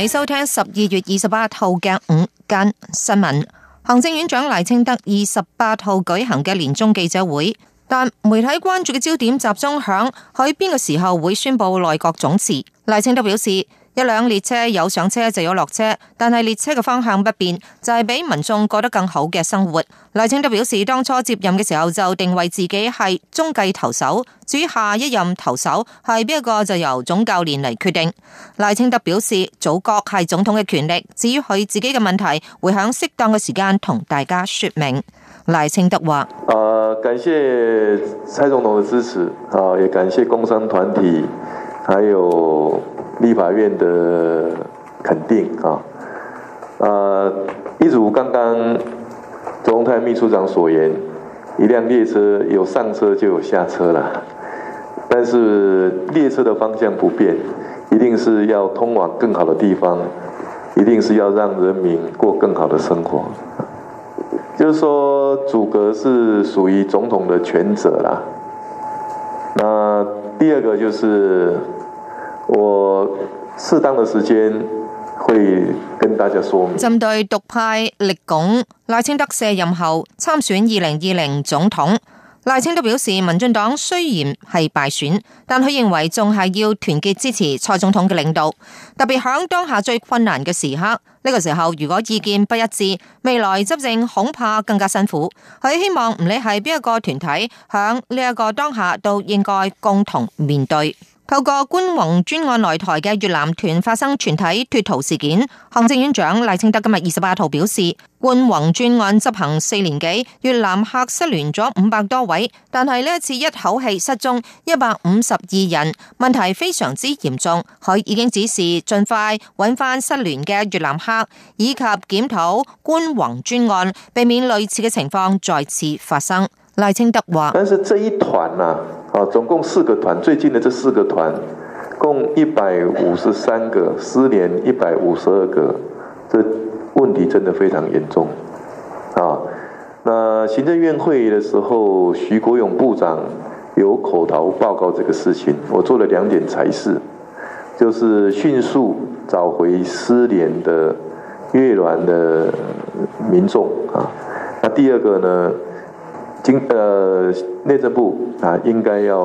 你收聽十二月二十八號嘅午間新聞，行政院長賴清德二十八號舉行嘅年終記者會，但媒體關注嘅焦點集中響喺邊個時候會宣布內閣總辭。賴清德表示。一輛列車有上車就要落車，但係列車嘅方向不變，就係、是、俾民眾過得更好嘅生活。賴清德表示，當初接任嘅時候就定位自己係中繼投手，至於下一任投手係邊一個就由總教練嚟決定。賴清德表示，組閣係總統嘅權力，至於佢自己嘅問題，會喺適當嘅時間同大家說明。賴清德話：，誒、啊，感謝蔡總統嘅支持，啊，也感謝工商團體，還有。立法院的肯定啊，啊、哦呃，一如剛剛卓榮泰秘書長所言，一輛列車有上車就有下車啦，但是列車的方向不變，一定是要通往更好的地方，一定是要讓人民過更好的生活。就是說組閣是屬於總統的權責啦。那第二個就是。我適當嘅時間會跟大家說明。針對獨派力拱賴清德卸任後參選二零二零總統，賴清德表示：民進黨雖然係敗選，但佢認為仲係要團結支持蔡總統嘅領導。特別響當下最困難嘅時刻，呢個時候如果意見不一致，未來執政恐怕更加辛苦。佢希望唔理係邊一個團體響呢一個當下都應該共同面對。透過觀宏專案來台嘅越南團發生全體脫逃事件，行政院長賴清德今日二十八號表示，觀宏專案執行四年幾，越南客失聯咗五百多位，但係呢一次一口氣失蹤一百五十二人，問題非常之嚴重。佢已經指示盡快搵返失聯嘅越南客，以及檢討觀宏專案，避免類似嘅情況再次發生。賴清德話，但是這一團啊，啊，總共四個團，最近的這四個團，共一百五十三個失聯，一百五十二個，這問題真的非常嚴重，啊，那行政院會議的時候，徐國勇部長有口頭報告這個事情，我做了兩點才是，就是迅速找回失聯的越南的民眾啊，那第二個呢？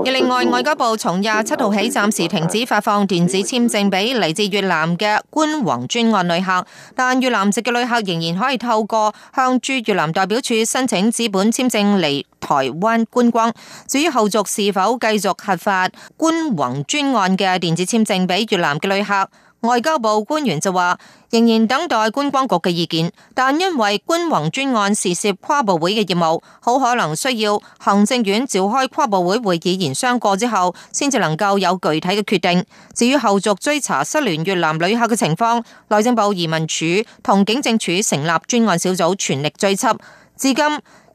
另外，外交部從廿七號起暫時停止發放電子簽證俾嚟自越南嘅觀宏專案旅客，但越南籍嘅旅客仍然可以透過向駐越南代表處申請紙本簽證嚟台灣觀光。至於後續是否繼續核發觀宏專案嘅電子簽證俾越南嘅旅客？外交部官員就話，仍然等待觀光局嘅意見，但因為觀宏專案事涉跨部會嘅業務，好可能需要行政院召開跨部會會議研商過之後，先至能夠有具體嘅決定。至於後續追查失聯越南旅客嘅情況，內政部移民署同警政署成立專案小組，全力追緝，至今，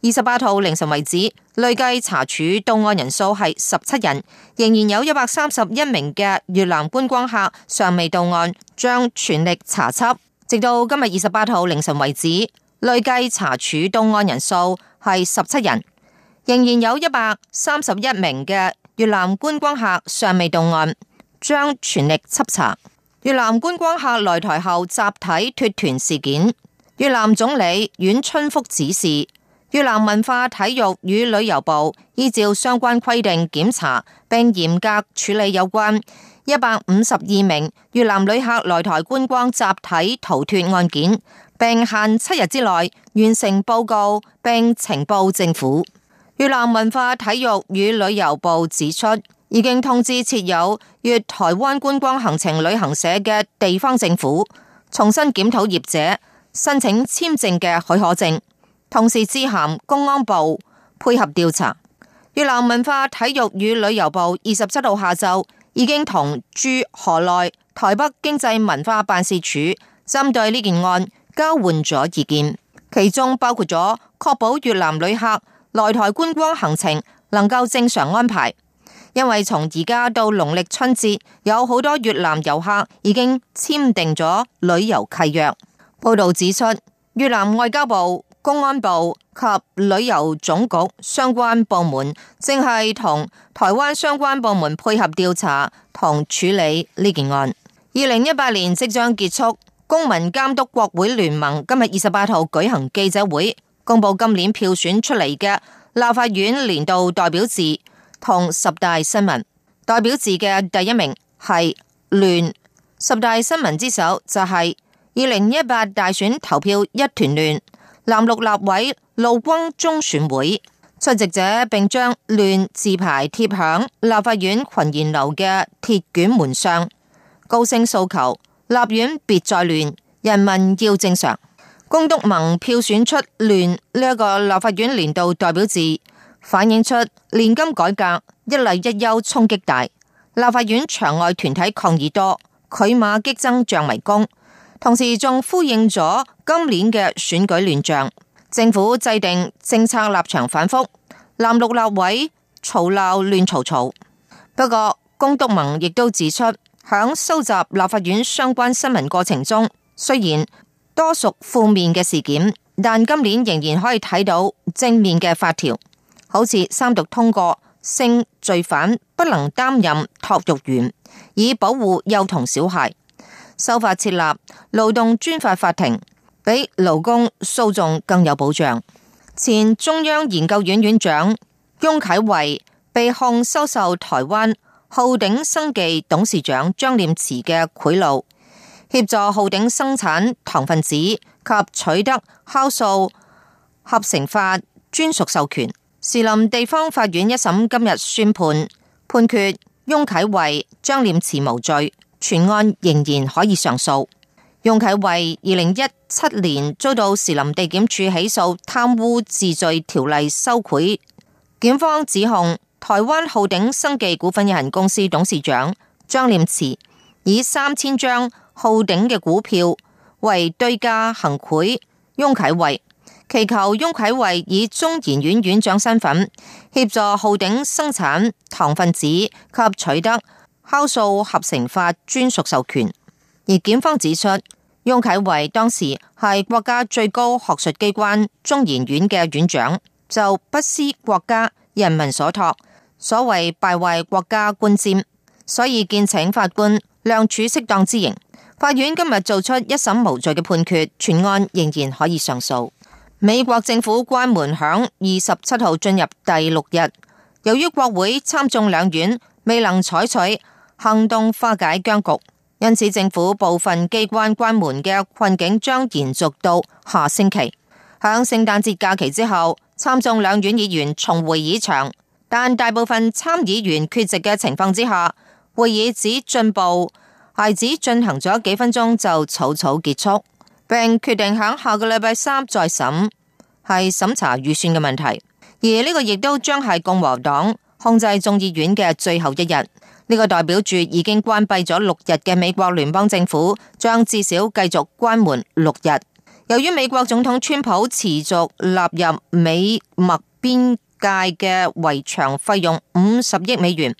二十八號凌晨為止，累計查處到案人數係十七人，仍然有一百三十一名嘅越南觀光客尚未到案，將全力查緝。直到今日二十八號凌晨為止，累計查處到案人數係十七人，仍然有一百三十一名嘅越南觀光客尚未到案，將全力緝查。越南觀光客來台後集體脫團事件，越南總理阮春福指示，越南文化體育與旅遊部依照相關規定檢查並嚴格處理有關一百五十二名越南旅客來台觀光集體逃脫案件，並限七日之內完成報告並呈報政府。越南文化體育與旅遊部指出，已經通知設有越台灣觀光行程旅行社嘅地方政府，重新檢討業者申請簽證嘅許可證。同時，致函公安部配合調查。越南文化、體育與旅遊部二十七號下晝已經同駐河內台北經濟文化辦事處針對呢件案交換咗意見，其中包括咗確保越南旅客來台觀光行程能夠正常安排，因為從而家到農曆春節有好多越南遊客已經簽訂咗旅遊契約。報道指出，越南外交部。公安部及旅遊總局相關部門正係同台灣相關部門配合調查同處理呢件案。二零一八年即將結束，公民監督國會聯盟今日二十八號舉行記者會，公布今年票選出嚟嘅立法院年度代表字同十大新聞代表字嘅第一名係亂。十大新聞之首就係二零一八大選投票一團亂。南藍綠立委陸光中選會出席者，並將亂字牌貼響立法院群賢樓嘅鐵捲門上，高聲訴求：立院別再亂，人民要正常。公督盟票選出亂呢一個立法院年度代表字，反映出年金改革一例一休衝擊大，立法院場外團體抗議多，拒馬激增迷宮，像迷宮，同時仲呼應咗今年嘅選舉亂象，政府制定政策立場反復，藍綠立委嘈鬧亂嘈嘈。不過，公督盟亦都指出，響收集立法院相關新聞過程中，雖然多屬負面嘅事件，但今年仍然可以睇到正面嘅法條，好似三讀通過，性罪犯不能擔任托育員，以保護幼童小孩。修法設立勞動專法法庭，比勞工訴訟更有保障。前中央研究院院長翁啟惠被控收受台灣浩鼎生技董事長張念慈嘅賄賂，協助浩鼎生產糖分子及取得酵素合成法專屬授權。士林地方法院一審今日宣判，判決翁啟惠、張念慈無罪。全案仍然可以上訴。翁啟惠二零一七年遭到士林地檢署起訴貪污治罪條例收賄，檢方指控台灣浩鼎生技股份有限公司董事長張念慈以三千張浩鼎嘅股票為對價行賄翁啟惠，祈求翁啟惠以中研院院長身份協助浩鼎生產糖分子及取得。敲數合成法專屬授權，而檢方指出，翁啟惠當時係國家最高學術機關中研院嘅院長，就不思國家人民所託，所謂敗壞國家觀瞻，所以建請法官量處適當之刑。法院今日做出一審無罪嘅判決，全案仍然可以上訴。美國政府關門響二十七號進入第六日，由於國會參眾兩院未能採取，行動化解僵局，因此政府部分機關關門嘅困境將延續到下星期。響聖誕節假期之後，參眾兩院議員重回議場，但大部分參議員缺席嘅情況之下，會議只進步，係只進行咗幾分鐘就草草結束，並決定響下個禮拜三再審，係審查預算嘅問題。而呢個亦都將係共和黨控制眾議院嘅最後一日。呢個代表住已經關閉咗六日嘅美國聯邦政府，將至少繼續關門六日。由於美國總統川普持續納入美墨邊界嘅圍牆費用五十億美元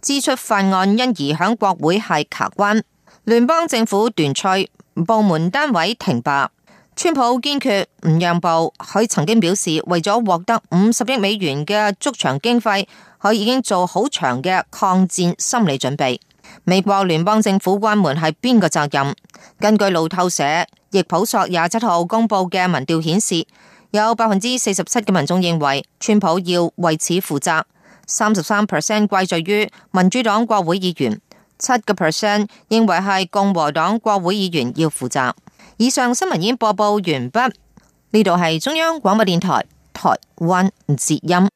支出法案，因而響國會係卡關，聯邦政府斷炊，部門單位停擺。川普堅決唔讓步，佢曾經表示為咗獲得五十億美元嘅築牆經費，佢已經做好長嘅抗戰心理準備。美國聯邦政府關門係邊個責任？根據路透社易普索廿七號公佈嘅民調顯示，有百分之四十七嘅民眾認為川普要為此負責，三十三 percent 歸罪於民主黨國會議員，七個 percent 認為係共和黨國會議員要負責。以上新聞已經播報完畢。呢度係中央廣播電台台灣之音。